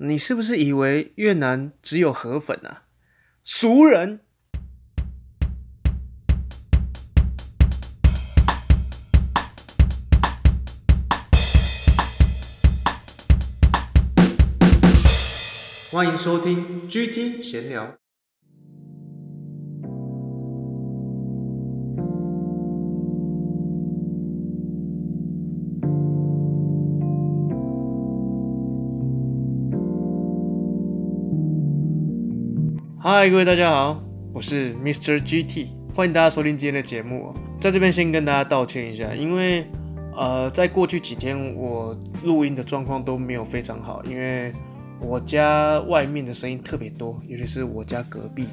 你是不是以為越南只有河粉啊？俗人，歡迎收聽 GT 閒聊。嗨，各位大家好，我是 Mr. GT，歡迎大家收聽今天的節目。在這邊先跟大家道歉一下，因為呃，在過去幾天我錄音的狀況都沒有非常好，因為我家外面的聲音特別多，尤其是我家隔壁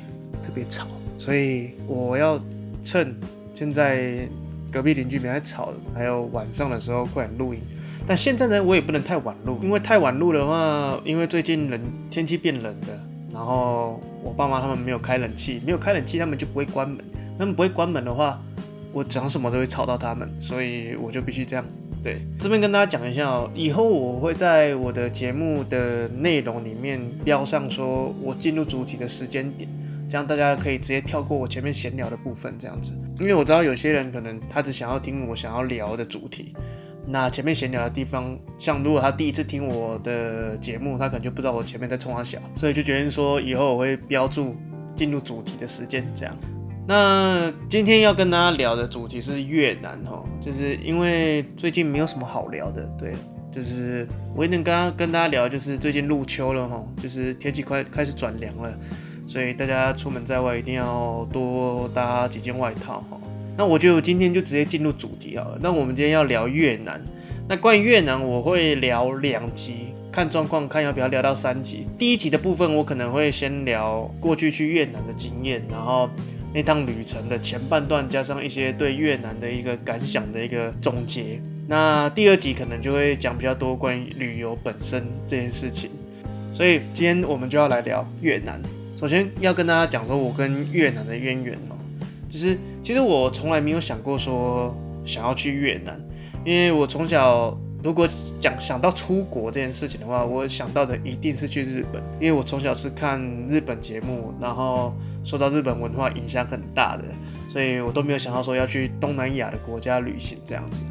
特別吵，所以我要趁現在隔壁鄰居比較吵，還有晚上的時候快點錄音。但現在呢，我也不能太晚錄，因為太晚錄的話，因為最近冷，天氣變冷了，然後。我爸媽他們沒有開冷氣，沒有開冷氣，他們就不會關門。他們不會關門的話，我講什麼都會吵到他們，所以我就必須這樣。對，這邊跟大家講一下哦，以後我會在我的節目的內容裡面標上，說我進入主題的時間點，這樣大家可以直接跳過我前面閒聊的部分，這樣子。因為我知道有些人可能他只想要聽我想要聊的主題。那前面閒聊的地方，像如果他第一次聽我的節目，他可能就不知道我前面在沖他笑，所以就決定說，以後我會標註進入主題的時間。這樣，那今天要跟大家聊的主題是越南哈，就是因為最近沒有什麼好聊的，對，就是我剛剛跟，跟大家聊，就是最近入秋了哈，就是天氣快開始轉涼了，所以大家出門在外一定要多搭幾件外套哈。那，我就今天就直接進入主題好了。那我們今天要聊越南。那關於越南，我會聊兩集，看狀況，看要不要聊到三集。第一集的部分，我可能會先聊過去去越南的經驗，然後那趟旅程的前半段，加上一些對越南的一個感想的一個總結。那第二集可能就會講比較多關於旅遊本身這件事情。所以今天我們就要來聊越南。首先要跟大家講說我跟越南的淵源哦。其實，其實我從來沒有想過說想要去越南，因為我從小如果講想，想到出國這件事情的話，我想到的一定是去日本，因為我從小是看日本節目，然後受到日本文化影響很大的，所以我都沒有想到說要去東南亞的國家旅行這樣子。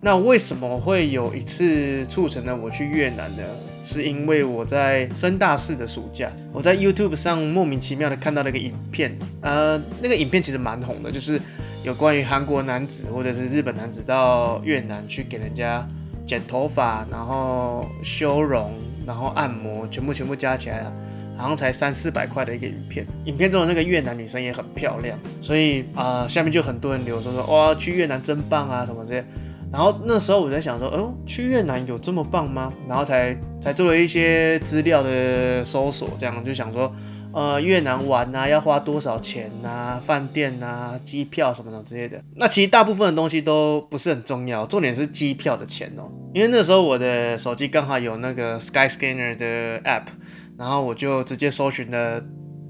那為什麼會有一次促成了我去越南呢？是因為我在升大四的暑假，我在 YouTube 上莫名其妙的看到了一個影片，呃，那個影片其實蠻紅的，就是有關於韓國男子或者是日本男子到越南去給人家剪頭髮，然後修容，然後按摩，全部全部加起來啊，好像才三四百塊的一個影片。影片中的那個越南女生也很漂亮，所以啊、呃，下面就很多人留言說,說，哇，去越南真棒啊，什麼這些。然後那時候我在想說，哦，去越南有這麼棒嗎？然後才才做了一些資料的搜索，這樣就想說，呃，越南玩啊，要花多少錢啊？飯店啊，機票什麼的之類的。那其實大部分的東西都不是很重要，重點是機票的錢哦。因為那時候我的手機剛好有那個 Skyscanner 的 app，然後我就直接搜尋了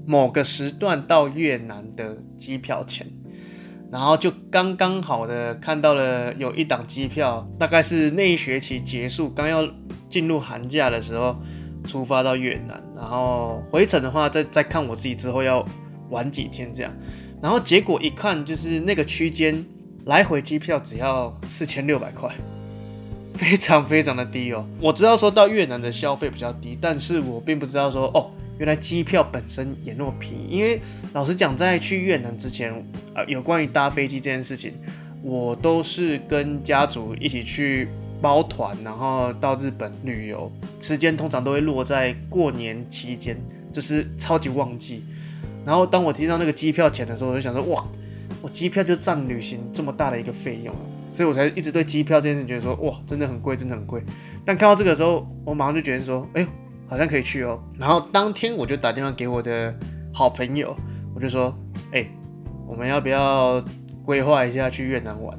某個時段到越南的機票錢。然後就剛剛好的看到了有一檔機票，大概是那一學期結束剛要進入寒假的時候出發到越南，然後回程的話再再看我自己之後要玩幾天這樣。然後結果一看就是那個區間來回機票只要四千六百塊，非常非常的低哦。我知道說到越南的消費比較低，但是我並不知道說哦。原來機票本身也那麼便宜，因為老實講，在去越南之前，有關於搭飛機這件事情，我都是跟家族一起去包團，然後到日本旅遊，時間通常都會落在過年期間，就是超級旺季。然後當我提到那個機票錢的時候，我就想說，哇，我機票就占旅行這麼大的一個費用，所以我才一直對機票這件事情覺得說，哇，真的很貴，真的很貴。但看到這個時候，我馬上就覺得說，哎呦，好像可以去哦，然後當天我就打電話給我的好朋友，我就說，哎、欸，我們要不要規劃一下去越南玩？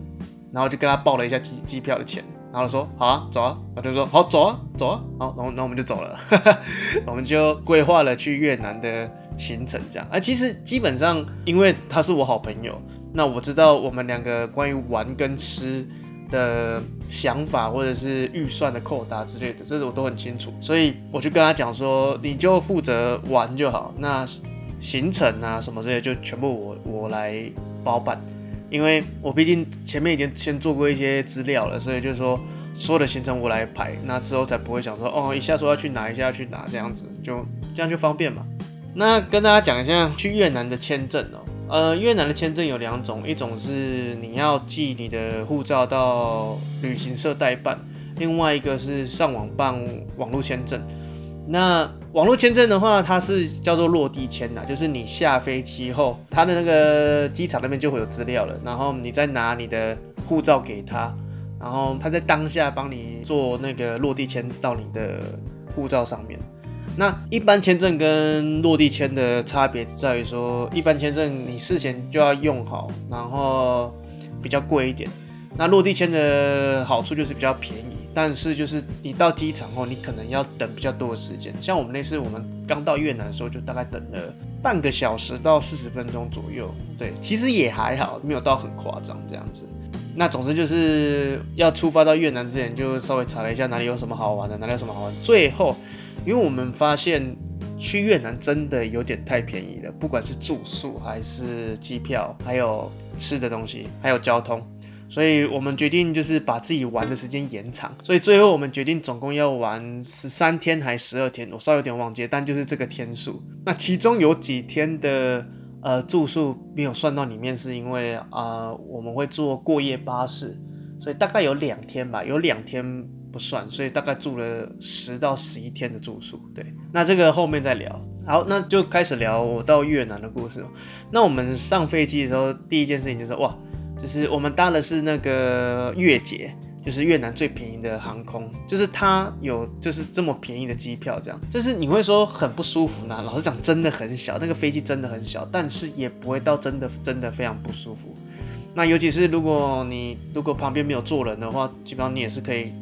然後就跟他報了一下機機票的錢，然後說好啊，走啊，他就說好走啊，走啊，好，然後然後我們就走了，哈哈，我們就規劃了去越南的行程，這樣。啊，其實基本上，因為他是我好朋友，那我知道我們兩個關於玩跟吃。的想法或者是預算的扣打之類的，這種我都很清楚，所以我就跟他講說，你就負責玩就好，那行程啊什麼這些就全部我我來包辦，因為我畢竟前面已經先做過一些資料了，所以就是說所有的行程我來排，那之後才不會想說哦，一下說要去哪，一下要去哪這樣子，就這樣就方便嘛。那跟大家講一下去越南的簽證哦。呃，越南的簽證有兩種，一種是你要寄你的護照到旅行社代辦，另外一個是上網辦網絡簽證。那網絡簽證的話，它是叫做落地簽的啊，就是你下飛機後，它的那個機場那邊就會有資料了，然後你再拿你的護照給他，然後他在當下幫你做那個落地簽到你的護照上面。那一般簽證跟落地簽的差別在於說，一般簽證你事前就要用好，然後比較貴一點。那落地簽的好處就是比較便宜，但是就是你到機場後，你可能要等比較多的時間。像我們那次，我們剛到越南的時候，就大概等了半個小時到四十分鐘左右。對，其實也還好，沒有到很誇張這樣子。那總之就是要出發到越南之前，就稍微查了一下哪裡有什麼好玩的，哪裡有什麼好玩。最後。因為我們發現去越南真的有點太便宜了，不管是住宿還是機票，還有吃的東西，還有交通，所以我們決定就是把自己玩的時間延長。所以最後我們決定總共要玩十三天還是十二天，我稍微有點忘記，但就是這個天數。那其中有幾天的呃住宿沒有算到裡面，是因為啊、呃、我們會坐過夜巴士，所以大概有兩天吧，有兩天。不算，所以大概住了十到十一天的住宿。對，那這個後面再聊。好，那就開始聊我到越南的故事。那我們上飛機的時候，第一件事情就是哇，就是我們搭的是那個越捷，就是越南最便宜的航空，就是它有就是這麼便宜的機票，這樣。就是你會說很不舒服呢？老實講，真的很小，那個飛機真的很小，但是也不會到真的真的非常不舒服。那尤其是如果你如果旁邊沒有坐人的話，基本上你也是可以。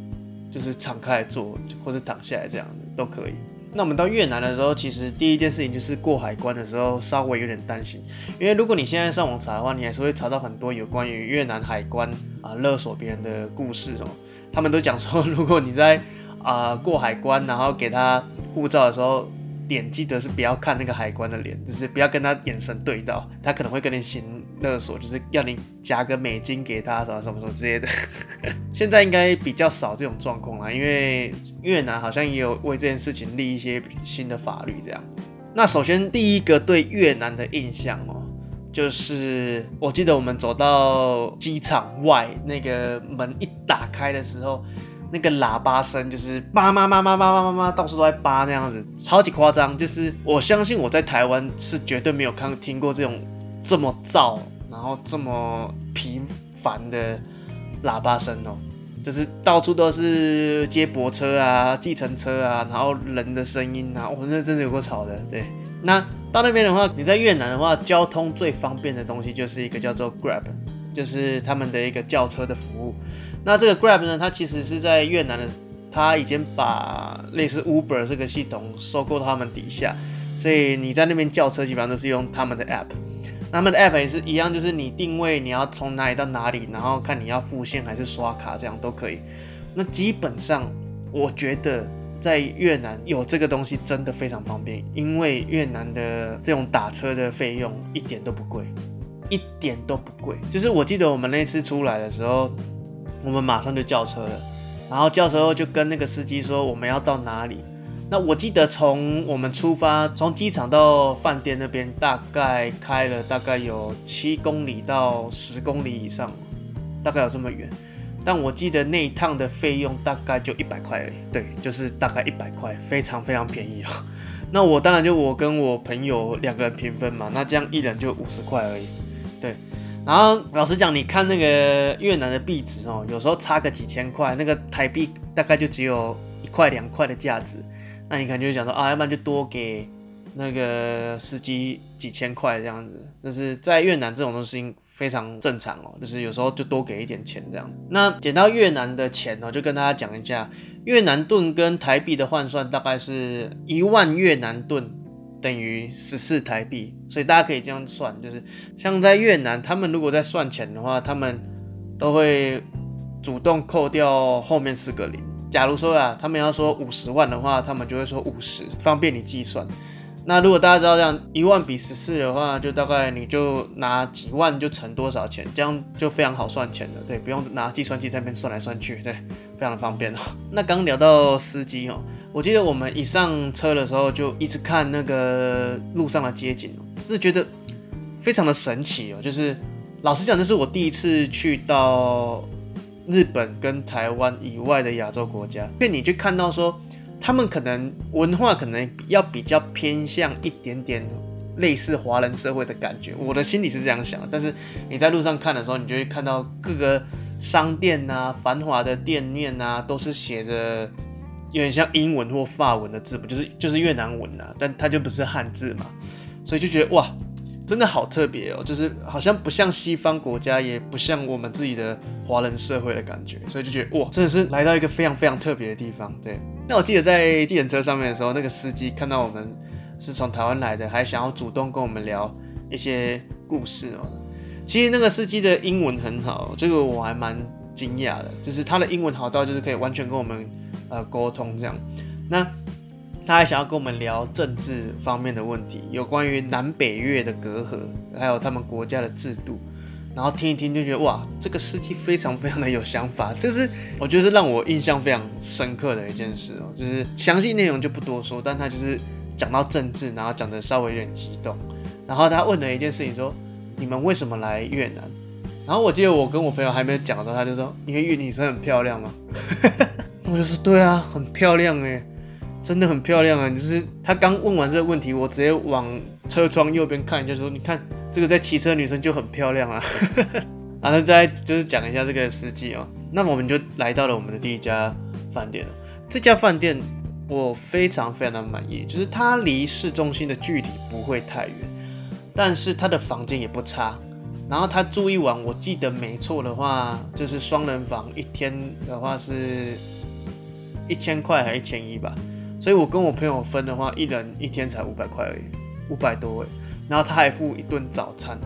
就是敞開來坐，或是躺下來這樣都可以。那我們到越南的時候，其實第一件事情就是過海關的時候稍微有點擔心，因為如果你現在上網查的話，你還是會查到很多有關於越南海關啊、呃、勒索別人的故事哦。他們都講說，如果你在啊、呃、過海關，然後給他護照的時候，點記得是不要看那個海關的臉，就是不要跟他眼神對到，他可能會跟你行。勒索就是要你夾個美金給他，什麼什麼什麼之類的。 現在應該比較少這種狀況了，因為越南好像也有為這件事情立一些新的法律這樣。那首先第一個對越南的印象哦，就是我記得我們走到機場外那個門一打開的時候，那個喇叭聲就是叭叭叭叭叭叭叭叭，到處都在叭那樣子，超級誇張。就是我相信我在台灣是絕對沒有看聽過這種這麼噪。然後這麼頻繁的喇叭聲哦，就是到處都是接駁車啊、計程車啊，然後人的聲音啊，哇、哦，那真是有夠吵的。對，那到那邊的話，你在越南的話，交通最方便的東西就是一個叫做 Grab，就是他們的一個叫車的服務。那這個 Grab 呢，它其實是在越南的，它已經把類似 Uber 這個系統收購到他們底下，所以你在那邊叫車基本上都是用他們的 App。他們的 App 也是一樣，就是你定位你要從哪裡到哪裡，然後看你要付現還是刷卡，這樣都可以。那基本上，我覺得在越南有這個東西真的非常方便，因為越南的這種打車的費用一點都不貴，一點都不貴。就是我記得我們那次出來的時候，我們馬上就叫車了，然後叫車後就跟那個司機說我們要到哪裡。那我記得從我們出發，從機場到飯店那邊大概開了大概有七公里到十公里以上，大概有這麼遠。但我記得那一趟的費用大概就一百塊而已，對，就是大概一百塊，非常非常便宜哦。那我當然就我跟我朋友兩個人平分嘛，那這樣一人就五十塊而已，對。然後老實講，你看那個越南的幣值哦，有時候差個幾千塊，那個台幣大概就只有一塊兩塊的價值。那你可能就會想說啊，要不然就多給那個司機幾千塊這樣子。就是在越南這種東西非常正常哦，就是有時候就多給一點錢這樣。那撿到越南的錢呢、哦，就跟大家講一下，越南盾跟台幣的換算大概是一萬越南盾等於十四台幣，所以大家可以這樣算，就是像在越南，他們如果在算錢的話，他們都會主動扣掉後面四個零。假如說啊，他們要說五十萬的話，他們就會說五十，方便你計算。那如果大家知道這樣一萬比十四的話，就大概你就拿幾萬就乘多少錢，這樣就非常好算錢的，對，不用拿計算機在那邊算來算去，對，非常的方便哦。 那剛聊到司機哦，我記得我們一上車的時候就一直看那個路上的街景，是覺得非常的神奇哦，就是老實講，這是我第一次去到。日本跟台灣以外的亞洲國家，所以你就看到說，他們可能文化可能要比較偏向一點點類似華人社會的感覺。我的心裡是這樣想的，但是你在路上看的時候，你就會看到各個商店啊、繁華的店面啊，都是寫着有點像英文或法文的字，不就是就是越南文啊？但它就不是漢字嘛，所以就覺得哇。真的好特別哦，就是好像不像西方國家，也不像我們自己的華人社會的感覺，所以就覺得哇，真的是來到一個非常非常特別的地方。對，那我記得在計程車上面的時候，那個司機看到我們是從台灣來的，還想要主動跟我們聊一些故事哦。其實那個司機的英文很好，這個我還蠻驚訝的，就是他的英文好到就是可以完全跟我們呃溝通這樣。那他還想要跟我們聊政治方面的問題，有關於南北越的隔閡，還有他們國家的制度，然後聽一聽就覺得哇，這個司機非常非常的有想法，這是我覺得是讓我印象非常深刻的一件事哦。就是詳細內容就不多說，但他就是講到政治，然後講得稍微有點激動，然後他問了一件事情說，說你們為什麼來越南？然後我記得我跟我朋友還沒有講的時候，他就說因為越南女生很漂亮嘛， 我就說：「對啊，很漂亮誒、欸。」真的很漂亮啊！就是他剛問完這個問題，我直接往車窗右邊看就是說：“你看這個在騎車的女生就很漂亮啊。 ”然後再就是講一下這個司機哦。那我們就來到了我們的第一家飯店了。這家飯店我非常非常的滿意，就是它離市中心的距離不會太遠，但是它的房間也不差。然後他住一晚，我記得沒錯的話，就是雙人房，一天的話是一千塊還一千一吧。所以我跟我朋友分的話，一人一天才五百塊而已，五百多哎。然後他還付一頓早餐，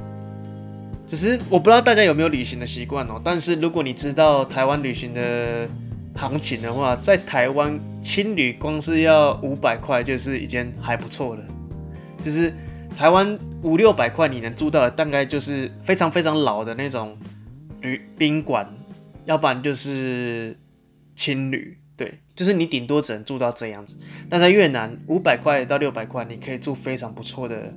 只、就是我不知道大家有沒有旅行的習慣哦。但是如果你知道台灣旅行的行情的話，在台灣青旅光是要五百塊就是已經還不錯了。就是台灣五六百塊你能住到的大概就是非常非常老的那種旅賓館，要不然就是青旅。對，就是你頂多只能住到這樣子，但在越南五百塊到六百塊，你可以住非常不錯的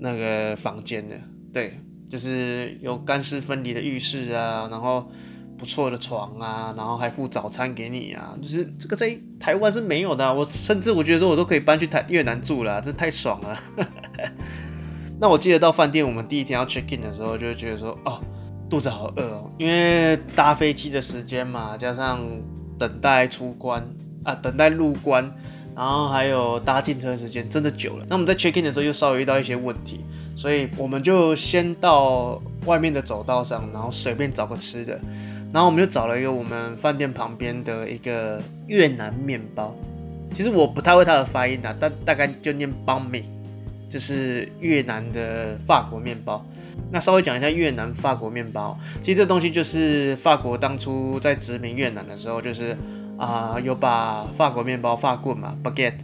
那個房間的。對，就是有乾濕分離的浴室啊，然後不錯的床啊，然後還附早餐給你啊，就是這個在台灣是沒有的啊。我甚至我覺得說，我都可以搬去台越南住了啊，這太爽了。 那我記得到飯店，我們第一天要 check in 的時候，就會覺得說，哦，肚子好餓哦，因為搭飛機的時間嘛，加上。等待出關啊，等待入關，然後還有搭進車時間真的久了。那我們在 check in 的時候又稍微遇到一些問題，所以我們就先到外面的走道上，然後隨便找個吃的。然後我們就找了一個我們飯店旁邊的一個越南麵包。其實我不太會它的發音啊，但大概就念邦米，就是越南的法國麵包。那稍微講一下越南法國麵包，其實這東西就是法國當初在殖民越南的時候，就是啊、呃、有把法國麵包法棍嘛 （baguette）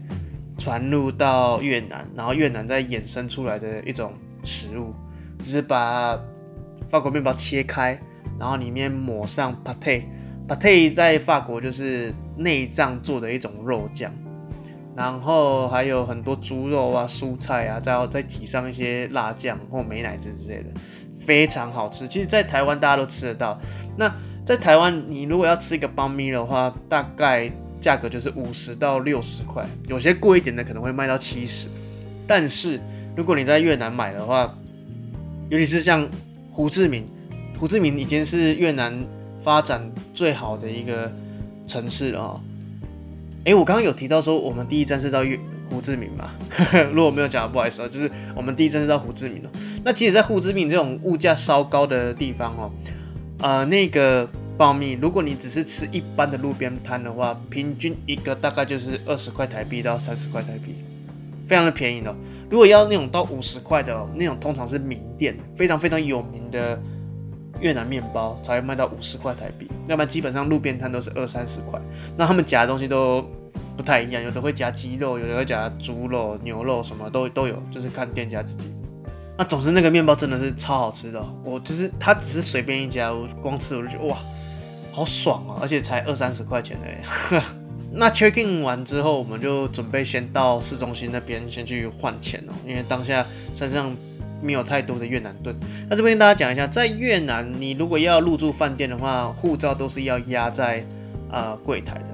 傳入到越南，然後越南再衍生出來的一種食物，只是把法國麵包切開，然後裡面抹上 pate，pate pate 在法國就是內臟做的一種肉醬。然後還有很多豬肉啊、蔬菜啊，再、哦、再擠上一些辣醬或美乃滋之類的，非常好吃。其實，在台灣大家都吃得到。那在台灣，你如果要吃一個邦咪的話，大概價格就是五十到六十塊，有些貴一點的可能會賣到七十。但是，如果你在越南買的話，尤其是像胡志明，胡志明已經是越南發展最好的一個城市哦。誒，我剛剛有提到說我們第一站是到越胡志明嘛？呵呵，如果沒有講，不好意思，啊，就是我們第一站是到胡志明哦。那其實在胡志明這種物價稍高的地方哦，呃，那個爆米，如果你只是吃一般的路邊攤的話，平均一個大概就是二十塊台幣到三十塊台幣，非常的便宜哦。如果要那種到五十塊的、哦、那種，通常是名店，非常非常有名的。越南麵包才賣到五十塊台幣，要不然基本上路邊攤都是二三十塊。那他們夾的東西都不太一樣，有的會夾雞肉，有的會夾豬肉、牛肉，什麼都都有，就是看店家自己。那總之那個麵包真的是超好吃的，我就是它只是隨便一家，我光吃我就覺得哇，好爽啊，而且才二三十塊錢哎、欸。 那 check in 完之後，我們就準備先到市中心那邊先去換錢哦，因為當下身上。沒有太多的越南盾。那這邊跟大家講一下，在越南，你如果要入住飯店的話，護照都是要壓在啊、呃、櫃檯的。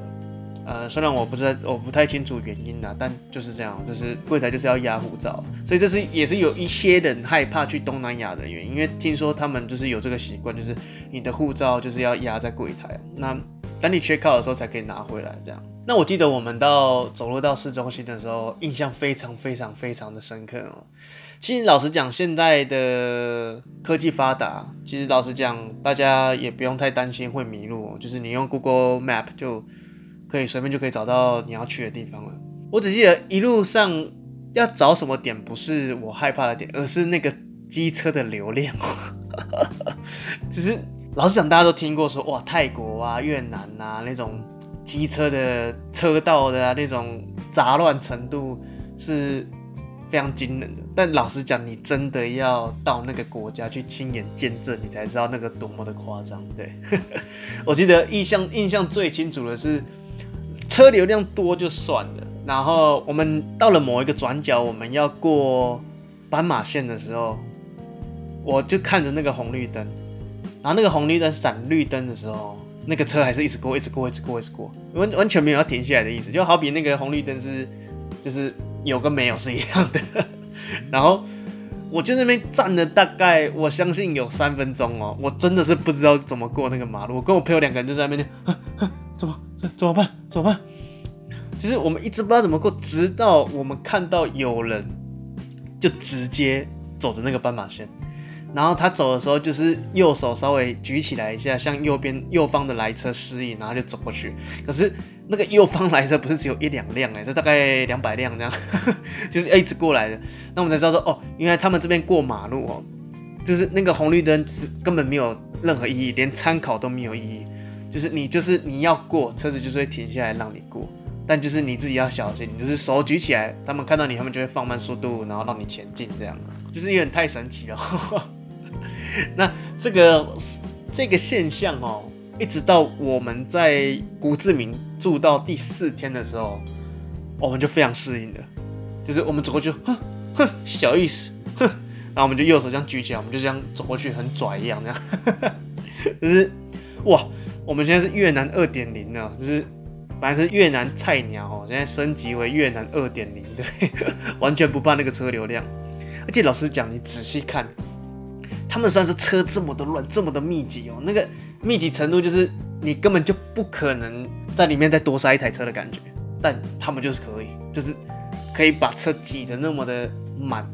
呃，雖然我不知道，我不太清楚原因啦，但就是這樣，就是櫃檯就是要壓護照，所以這是也是有一些人害怕去東南亞的原因，因為聽說他們就是有這個習慣，就是你的護照就是要壓在櫃檯，那等你 check out 的時候才可以拿回來。這樣，那我記得我們到走路到市中心的時候，印象非常非常非常的深刻哦、喔。其實老實講，現在的科技發達，其實老實講，大家也不用太擔心會迷路，就是你用 Google Map 就可以隨便就可以找到你要去的地方了。我只記得一路上要找什麼點，不是我害怕的點，而是那個機車的流量。只 是老實講，大家都聽過說，哇，泰國啊、越南吶、啊，那種機車的車道的，啊、那種雜亂程度是。非常驚人的，但老實講,你真的要到那個國家去親眼見證，你才知道那個多麼的誇張。對 我記得印象印象最清楚的是車流量多就算了，然後我們到了某一個轉角，我們要過斑馬線的時候，我就看着那個紅綠燈，然後那個紅綠燈閃綠燈的時候，那個車還是一直過，一直過，一直過，一直過，完完全沒有要停下來的意思，就好比那個紅綠燈是就是。有跟沒有是一樣的， 然後我就那邊站了大概，我相信有三分鐘哦、喔，我真的是不知道怎麼過那個馬路，我跟我朋友兩個人就在那邊講、啊啊，怎麼、啊，怎麼辦，怎麼辦？其、就、實、是、我們一直不知道怎麼過，直到我們看到有人，就直接走着那個斑馬線。然後他走的時候，就是右手稍微舉起來一下，向右邊右方的來車示意，然後就走過去。可是那個右方來車不是只有一兩輛哎，這大概兩百輛這樣， 就是一直過來的。那我們才知道說哦，原來他們這邊過馬路哦，就是那個紅綠燈是根本沒有任何意義，連參考都沒有意義，就是你就是你要過，車子就是會停下來讓你過。但就是你自己要小心，你就是手舉起來，他們看到你，他們就會放慢速度，然後讓你前進，這樣，就是有點太神奇了。 那這個這個現象哦，一直到我們在胡志明住到第四天的時候，我們就非常適應了，就是我們走過去，哼哼，小意思，哼，然後我們就右手這樣舉起來，我們就這樣走過去，很拽一樣這樣， 就是哇，我們現在是越南二點零了，就是。本來是越南菜鳥哦，現在升級為越南二點零對，完全不怕那個車流量。而且老實講，你仔細看，他們雖然說車這麼的亂，這麼的密集哦，那個密集程度就是你根本就不可能在裡面再多塞一台車的感覺，但他們就是可以，就是可以把車擠得那麼的滿。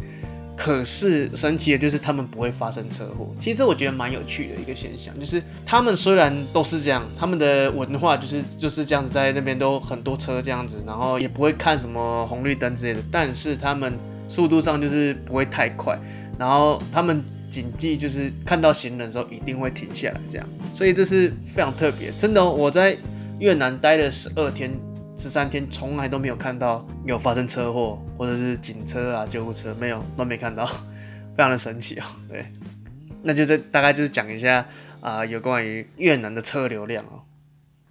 可是神奇的就是他們不會發生車禍，其實這我覺得蠻有趣的一個現象，就是他們雖然都是這樣，他們的文化就是就是這樣子，在那邊都很多車這樣子，然後也不會看什麼紅綠燈之類的，但是他們速度上就是不會太快，然後他們謹記就是看到行人的時候一定會停下來這樣，所以這是非常特別，真的哦，我在越南待了十二天。十三天從來都沒有看到有發生車禍或者是警車啊、救護車，沒有都沒看到，非常的神奇哦，對，那就這、是、大概就是講一下啊、呃，有關於越南的車流量哦。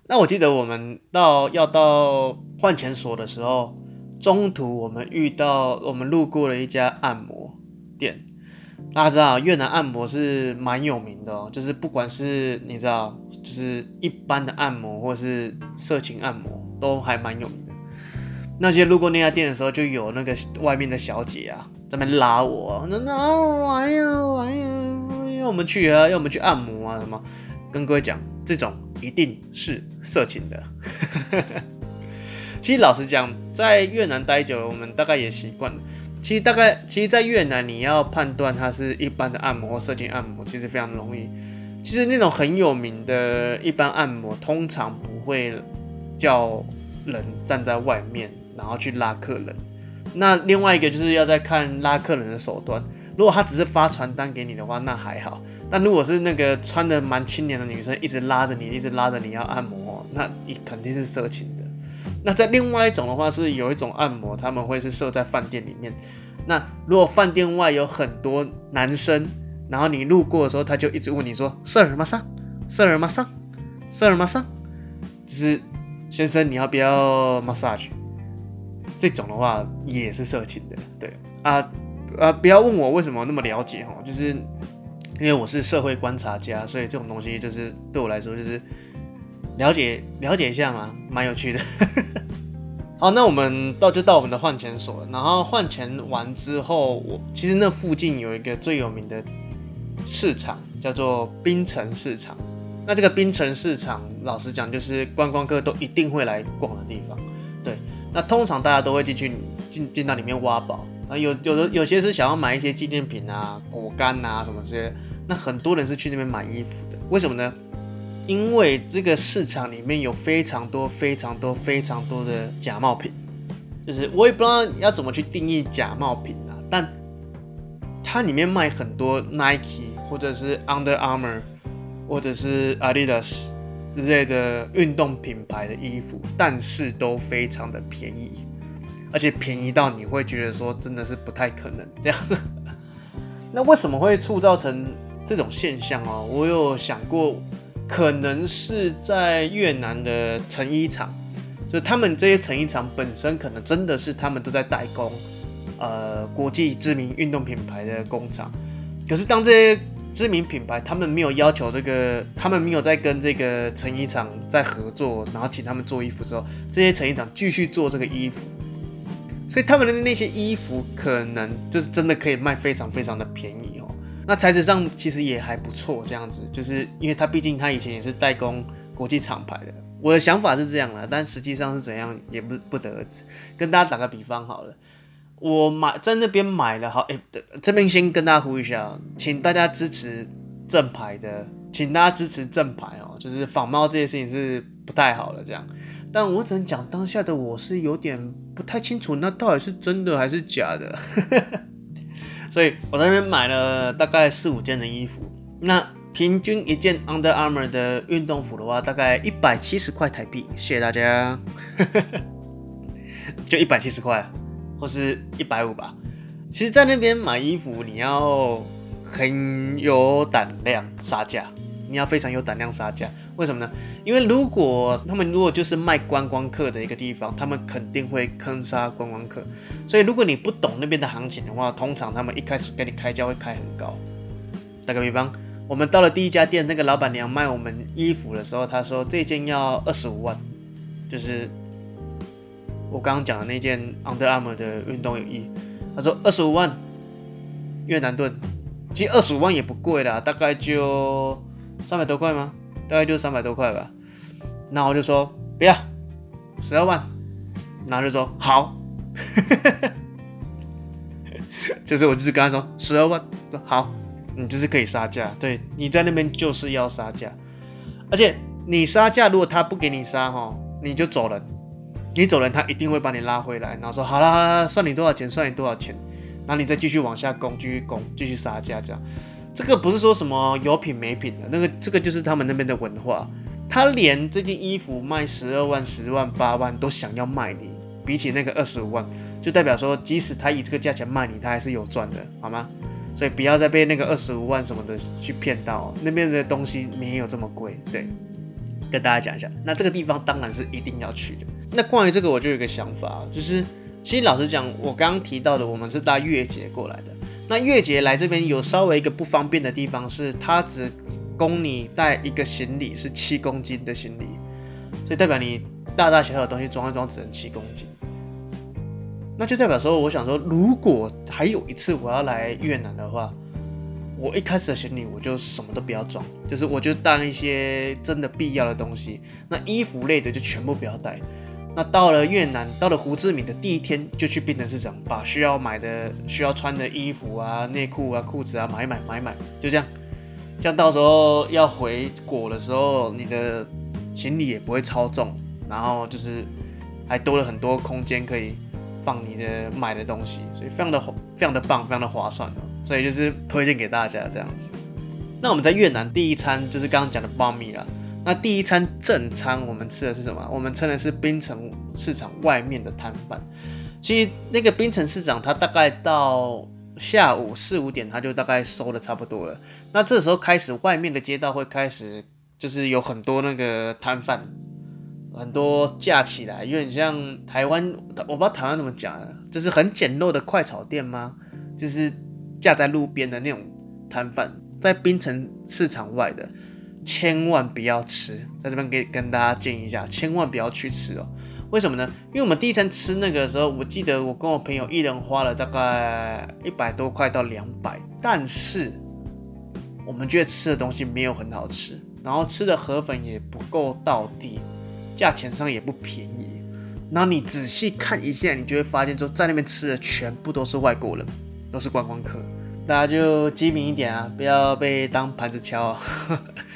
那我記得我們到要到換錢所的時候，中途我們遇到我們路過了一家按摩店，大家知道越南按摩是蠻有名的哦，就是不管是你知道，就是一般的按摩或是色情按摩。都還蠻有名的。那些路過那家店的時候，就有那個外面的小姐啊，在那邊拉我，那啊，玩啊，玩啊呀，要我們去啊，要我們去按摩啊什麼。跟各位講，這種一定是色情的。 其實老實講，在越南待久了，我們大概也習慣了。其實大概，其實在越南，你要判斷它是一般的按摩或色情按摩，其實非常容易。其實那種很有名的一般按摩，通常不會。叫人站在外面，然後去拉客人。那另外一個就是要再看拉客人的手段。如果他只是發傳單給你的話，那還好。但如果是那個穿得蠻清涼的女生，一直拉着你，一直拉着你要按摩，那你肯定是色情的。那在另外一種的話，是有一種按摩，他們會是設在飯店裡面。那如果飯店外有很多男生，然後你路過的時候，他就一直問你說：“Sir，massage，Sir，massage，Sir，massage。 ”就是。先生，你要不要 massage？這種的話也是色情的，對啊啊！不要問我為什麼那麼了解哦，就是因為我是社會觀察家，所以這種東西就是對我來說就是了解了解一下嘛，蠻有趣的。 好，那我們到就到我們的換錢所了，然後換錢完之後，我其實那附近有一個最有名的市場，叫做濱城市場。那這個濱城市場，老實講，就是觀光客都一定會來逛的地方。對，那通常大家都會進去進進到裡面挖寶啊，有有的有些是想要買一些紀念品啊、果乾啊什麼這些。那很多人是去那邊買衣服的，為什麼呢？因為這個市場裡面有非常多非常多非常多的假冒品，就是我也不知道要怎麼去定義假冒品啊，但它裡面賣很多 Nike 或者是 Under Armour。或者是 Adidas 之類的運動品牌的衣服，但是都非常的便宜，而且便宜到你會覺得說真的是不太可能這樣。 那為什麼會促造成這種現象哦？我有想過，可能是在越南的成衣廠，就他們這些成衣廠本身可能真的是他們都在代工，呃，國際知名運動品牌的工廠。可是當這些知名品牌，他們沒有要求這個，他們沒有在跟這個成衣廠在合作，然後請他們做衣服之後，這些成衣廠繼續做這個衣服，所以他們的那些衣服可能就是真的可以賣非常非常的便宜哦。那材質上其實也還不錯，這樣子，就是因為他畢竟他以前也是代工國際廠牌的。我的想法是這樣了，但實際上是怎樣也不不得而知。跟大家打個比方好了。我買在那邊買了好誒、欸，這邊先跟大家呼籲一下，請大家支持正牌的，請大家支持正牌哦，就是仿冒這件事情是不太好的這樣。但我只能講，當下的我是有點不太清楚，那到底是真的還是假的。 所以我在那邊買了大概四五件的衣服，那平均一件 Under Armour 的運動服的話，大概一百七十塊台幣。謝謝大家， 就一百七十塊。或是一百五吧。其實，在那邊買衣服，你要很有膽量殺價，你要非常有膽量殺價。為什麼呢？因為如果他們如果就是賣觀光客的一個地方，他們肯定會坑殺觀光客。所以，如果你不懂那邊的行情的話，通常他們一開始給你開價會開很高。打個比方，我們到了第一家店，那個老闆娘賣我們衣服的時候，她說這件要二十五萬，就是。我剛剛講的那件 Under Armour 的運動泳衣，他說二十五萬越南盾，其實二十五萬也不貴啦，大概就三百多塊嗎？大概就三百多塊吧。那我就說不要十二萬，然後就說好， 就是我就是跟他說十二萬，說好，你就是可以殺價，對你在那邊就是要殺價，而且你殺價如果他不給你殺哈，你就走了。你走人，他一定會把你拉回來，然後說好啦，好啦，算你多少錢，算你多少錢，然後你再繼續往下攻，繼續攻，繼續殺價，這樣，這個不是說什麼有品沒品的，那個這個就是他們那邊的文化，他連這件衣服賣十二萬、十萬、八萬都想要賣你，比起那個二十五萬，就代表說即使他以這個價錢賣你，他還是有賺的，好嗎？所以不要再被那個二十五萬什麼的去騙到，那邊的東西沒有這麼貴，對，跟大家講一下，那這個地方當然是一定要去的。那關於這個，我就有一個想法，就是其實老實講，我剛剛提到的，我們是搭越捷過來的。那越捷來這邊有稍微一個不方便的地方，是它只供你帶一個行李，是七公斤的行李，所以代表你大大小小的東西裝一裝，只能七公斤。那就代表說，我想說，如果還有一次我要來越南的話，我一開始的行李我就什麼都不要裝，就是我就帶一些真的必要的東西。那衣服類的就全部不要帶。那到了越南，到了胡志明的第一天，就去檳城市場，把需要買的、需要穿的衣服啊、內褲啊、褲子啊，買買買買，就這樣。這樣到時候要回國的時候，你的行李也不會超重，然後就是還多了很多空間可以放你的買的東西，所以非常的非常的棒，非常的划算哦。所以就是推薦給大家這樣子。那我們在越南第一餐就是剛剛講的 Bánh mì 啦。那第一餐正餐我們吃的是什麼？我們稱的是濱城市場外面的攤販。其實那個濱城市場，它大概到下午四五點，它就大概收得差不多了。那這時候開始，外面的街道會開始，就是有很多那個攤販，很多架起來，有點像台灣，我不知道台灣怎麼講，就是很簡陋的快炒店嗎？就是架在路邊的那種攤販，在濱城市場外的。千萬不要吃，在這邊給跟大家建議一下，千萬不要去吃哦。為什麼呢？因為我們第一餐吃那個的時候，我記得我跟我朋友一人花了大概一百多塊到兩百，但是我們覺得吃的東西沒有很好吃，然後吃的河粉也不夠到底，價錢上也不便宜。那你仔細看一下，你就會發現說在那邊吃的全部都是外國人，都是觀光客。大家就機敏一點啊，不要被當盤子敲啊、哦。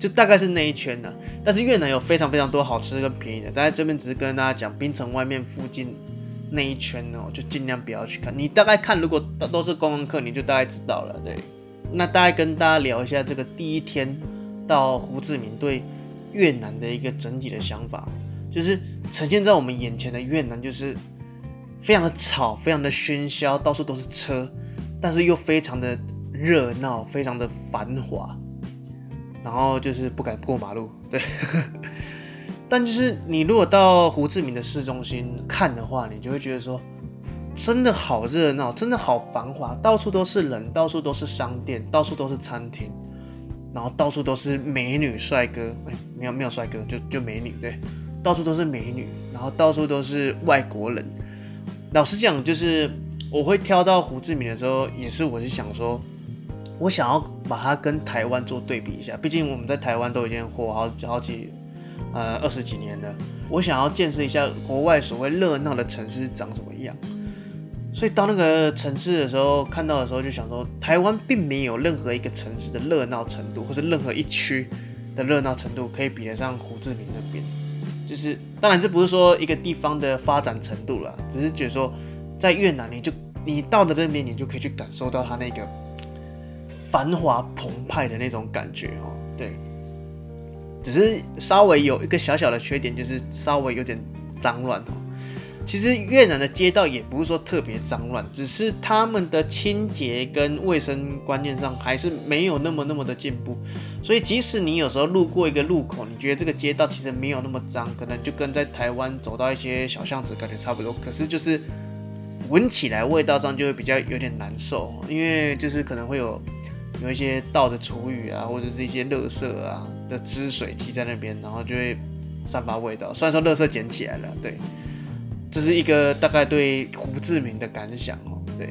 就大概是那一圈的、啊，但是越南有非常非常多好吃跟便宜的。大家這邊只是跟大家講，檳城外面附近那一圈呢、哦，就盡量不要去看。你大概看，如果都是觀光客，你就大概知道了。對，那大概跟大家聊一下這個第一天到胡志明對越南的一個整體的想法，就是呈現在我們眼前的越南就是非常的吵，非常的喧囂，到處都是車，但是又非常的熱鬧，非常的繁華。然後就是不敢過馬路，對。 但就是你如果到胡志明的市中心看的話，你就會覺得說，真的好熱鬧，真的好繁華，到處都是人，到處都是商店，到處都是餐廳，然後到處都是美女帥哥。哎，沒有沒有帥哥，就就美女，對，到處都是美女，然後到處都是外國人。老實講，就是我會挑到胡志明的時候，也是我是想說。我想要把它跟台灣做對比一下，畢竟我們在台灣都已經活好好幾，呃二十幾年了。我想要見識一下國外所謂熱鬧的城市長什麼樣。所以到那個城市的時候，看到的時候就想說，台灣並沒有任何一個城市的熱鬧程度，或是任何一區的熱鬧程度可以比得上胡志明那邊。就是當然這不是說一個地方的發展程度了，只是覺得說在越南你就你到了那邊，你就可以去感受到它那個。繁華澎湃的那種感覺哦，對，只是稍微有一個小小的缺點，就是稍微有點髒亂哦。其實越南的街道也不是說特別髒亂，只是他們的清潔跟衛生觀念上還是沒有那麼那麼的進步。所以即使你有時候路過一個路口，你覺得這個街道其實沒有那麼髒，可能就跟在台灣走到一些小巷子感覺差不多。可是就是聞起來味道上就會比較有點難受，因為就是可能會有。有一些倒的廚餘啊，或者是一些垃圾啊的汁水積在那邊，然後就會散發味道。雖然說垃圾撿起來了，對，這是一個大概對胡志明的感想哦。對，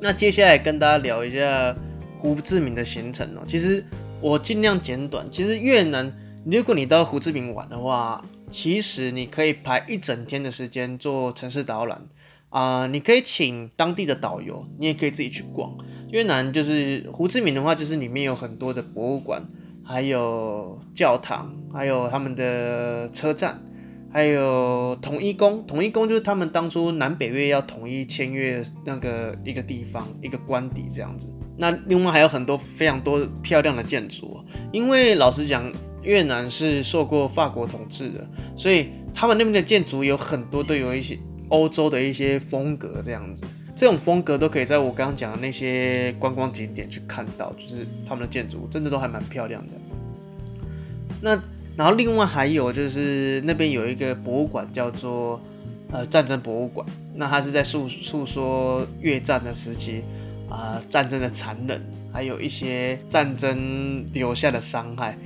那接下來跟大家聊一下胡志明的行程哦。其實我盡量簡短。其實越南，如果你到胡志明玩的話，其實你可以排一整天的時間做城市導覽啊、呃，你可以請當地的導遊，你也可以自己去逛。越南就是胡志明的話，就是裡面有很多的博物館，還有教堂，還有他們的車站，還有統一宮。統一宮就是他們當初南北越要統一簽約那個一個地方，一個官邸這樣子。那另外還有很多非常多漂亮的建築，因為老實講，越南是受過法國統治的，所以他們那邊的建築有很多都有一些歐洲的一些風格這樣子。這種風格都可以在我剛剛講的那些觀光景點去看到，就是他們的建築物真的都還蠻漂亮的。那然後另外還有就是那邊有一個博物館叫做呃、戰爭博物館，那它是在述述說越戰的時期啊、呃、戰爭的殘忍，還有一些戰爭留下的傷害。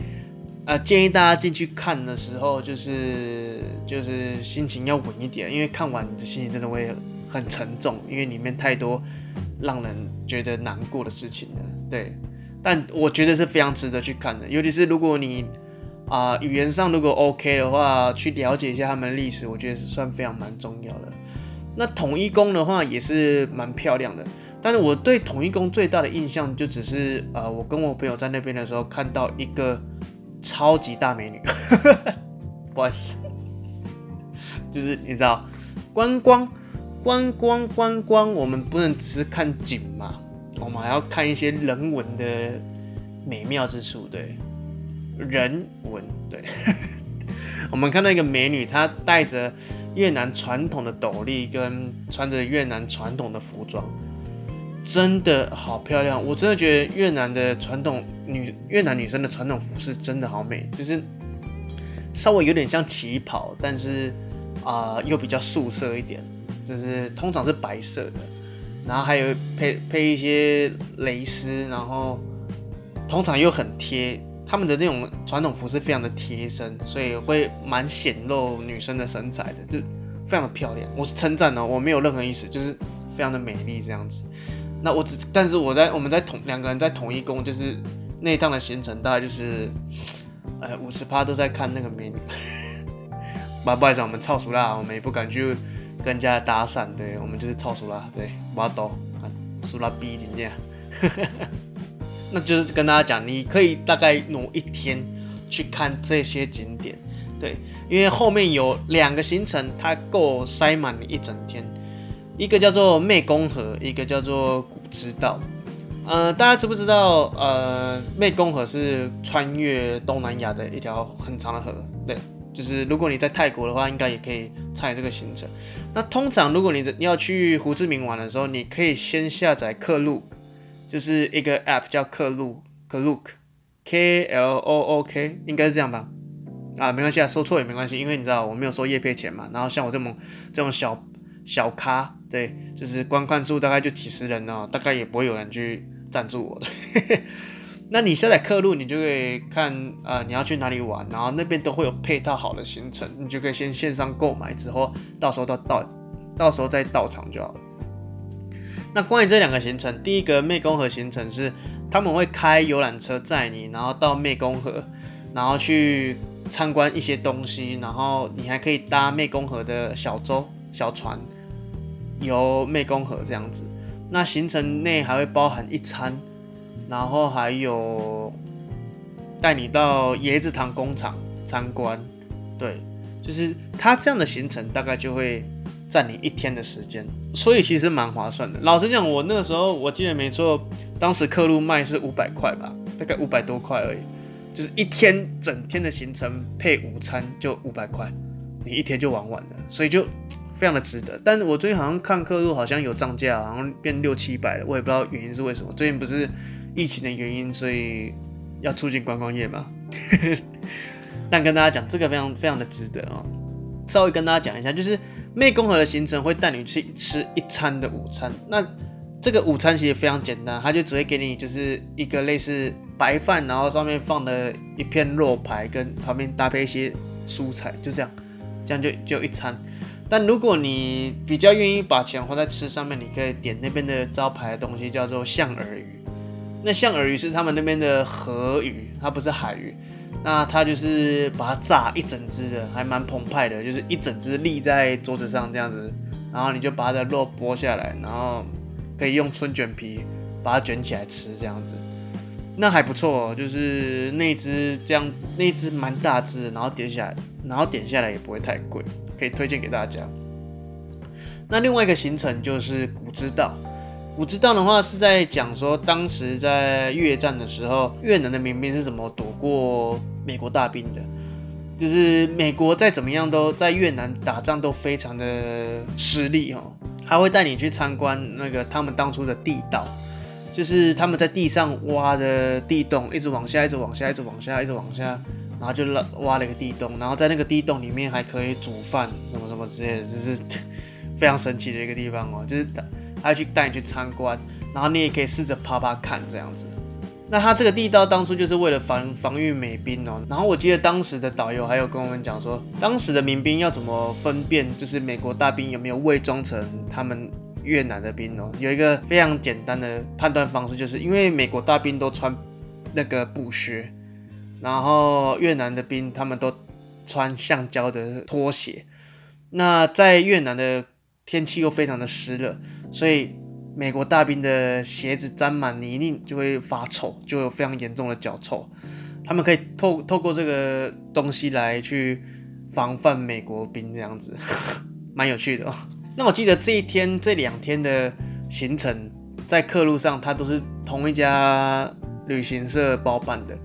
呃，建議大家進去看的時候就是就是心情要穩一點，因為看完你的心情真的會很。很沉重，因為裡面太多讓人覺得難過的事情了。對，但我覺得是非常值得去看的。尤其是如果你啊、呃、語言上如果 OK 的話，去了解一下他們的歷史，我覺得是算非常蠻重要的。那統一宮的話也是蠻漂亮的，但是我對統一宮最大的印象就只是啊、呃，我跟我朋友在那邊的時候看到一個超級大美女， 不好意思，就是你知道觀光。觀光觀光，光，光，我們不能只是看景嘛，我們還要看一些人文的美妙之處。對，人文。對， 我們看到一個美女，她戴着越南傳統的斗笠，跟穿着越南傳統的服裝，真的好漂亮。我真的覺得越南的傳統女越南女生的傳統服飾真的好美，就是稍微有點像旗袍，但是啊、呃，又比較素色一點。就是通常是白色的，然後還有配配一些蕾絲，然後通常又很貼，他們的那種傳統服是非常的貼身，所以會蠻顯露女生的身材的，就非常的漂亮。我是稱讚的，哦，我沒有任何意思，就是非常的美麗這樣子。那我只但是我在我們在同兩個人在同一宮，就是那一趟的行程大概就是，哎五十趴都在看那個美女， 不好意思，我們操熟啦，我們也不敢去。跟人家搭訕，對，我們就是超蘇啦，對，挖刀啊，蘇拉哈哈哈， 那就是跟大家講，你可以大概挪一天去看這些景點，對，因為後面有兩個行程，它夠塞滿你一整天，一個叫做湄公河，一個叫做古芝道，呃，大家知不知道？呃，湄公河是穿越東南亞的一條很長的河，對。就是如果你在泰國的話，應該也可以踩這個行程。那通常如果你要去胡志明玩的時候，你可以先下載客路，就是一個 app 叫客路，客路，K L O O K，應該是這樣吧？啊，沒關係啊，說錯也沒關係，因為你知道我沒有收業配錢嘛。然後像我這種這種小小咖，對，就是觀看數大概就幾十人哦，大概也不會有人去贊助我的。 那你下載客路，你就可以看，呃，你要去哪裡玩，然後那邊都會有配套好的行程，你就可以先線上購買，之後到時候到到，到時候再到場就好。那關於這兩個行程，第一個湄公河行程是他們會開遊覽車載你，然後到湄公河，然後去參觀一些東西，然後你還可以搭湄公河的小舟、小船遊湄公河這樣子。那行程內還會包含一餐。然後還有帶你到椰子糖工廠參觀，對，就是他這樣的行程大概就會佔你一天的時間，所以其實蠻划算的。老實講，我那個時候我記得沒錯，當時客路賣是五百塊吧，大概五百多塊而已，就是一天整天的行程配午餐就五百塊，你一天就玩完了，所以就非常的值得。但是我最近好像看客路好像有漲價，好像變六七百了，我也不知道原因是為什麼。最近不是，疫情的原因，所以要促進觀光業嘛？ 但跟大家講，這個非常非常的值得哦。稍微跟大家講一下，就是湄公河的行程會帶你去吃一餐的午餐。那這個午餐其實非常簡單，它就只會給你就是一個類似白飯，然後上面放了一片肉排，跟旁邊搭配一些蔬菜，就這樣，這樣就就一餐。但如果你比較願意把錢花在吃上面，你可以點那邊的招牌的東西，叫做象耳魚。那象耳魚是他們那邊的河魚，它不是海魚。那它就是把它炸一整隻的，還蠻澎湃的，就是一整隻立在桌子上這樣子，然後你就把它的肉剝下來，然後可以用春卷皮把它卷起來吃這樣子。那還不錯哦，就是那一只這樣，那一只蠻大只，然後點下來，然後點下來也不會太貴，可以推薦給大家。那另外一個行程就是古芝道。我知道的話是在講說，當時在越戰的時候，越南的民兵是怎麼躲過美國大兵的？就是美國再怎麼樣都在越南打仗都非常的失利哦。他會帶你去參觀那個他們當初的地道，就是他們在地上挖的地洞，一直往下，一直往下，一直往下，一直往下，然後就挖了一個地洞，然後在那個地洞裡面還可以煮飯什麼什麼之類的，就是非常神奇的一個地方哦，就是。他去帶你去參觀，然後你也可以試着爬爬看這樣子。那他這個地道當初就是為了防防禦美兵哦。然後我記得當時的導遊還有跟我們講說，當時的民兵要怎麼分辨就是美國大兵有沒有偽裝成他們越南的兵哦。有一個非常簡單的判斷方式，就是因為美國大兵都穿那個布靴，然後越南的兵他們都穿橡膠的拖鞋。那在越南的天氣又非常的濕熱。所以美國大兵的鞋子沾滿泥濘，就會發臭，就會有非常嚴重的腳臭。他們可以透透過這個東西來去防範美國兵這樣子，蠻有趣的哦。那我記得這一天這兩天的行程，在客路上他都是同一家旅行社包辦的。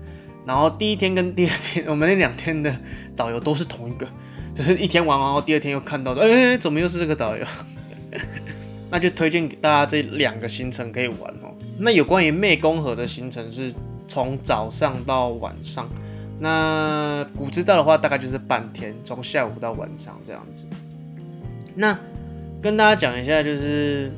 然後第一天跟第二天，我們那兩天的導遊都是同一個，就是一天玩完後，第二天又看到的，哎、欸，怎麼又是這個導遊？那就推薦給大家這兩個行程可以玩哦。那有關於湄公河的行程是從早上到晚上，那古芝道的話大概就是半天，從下午到晚上這樣子。那跟大家講一下就是。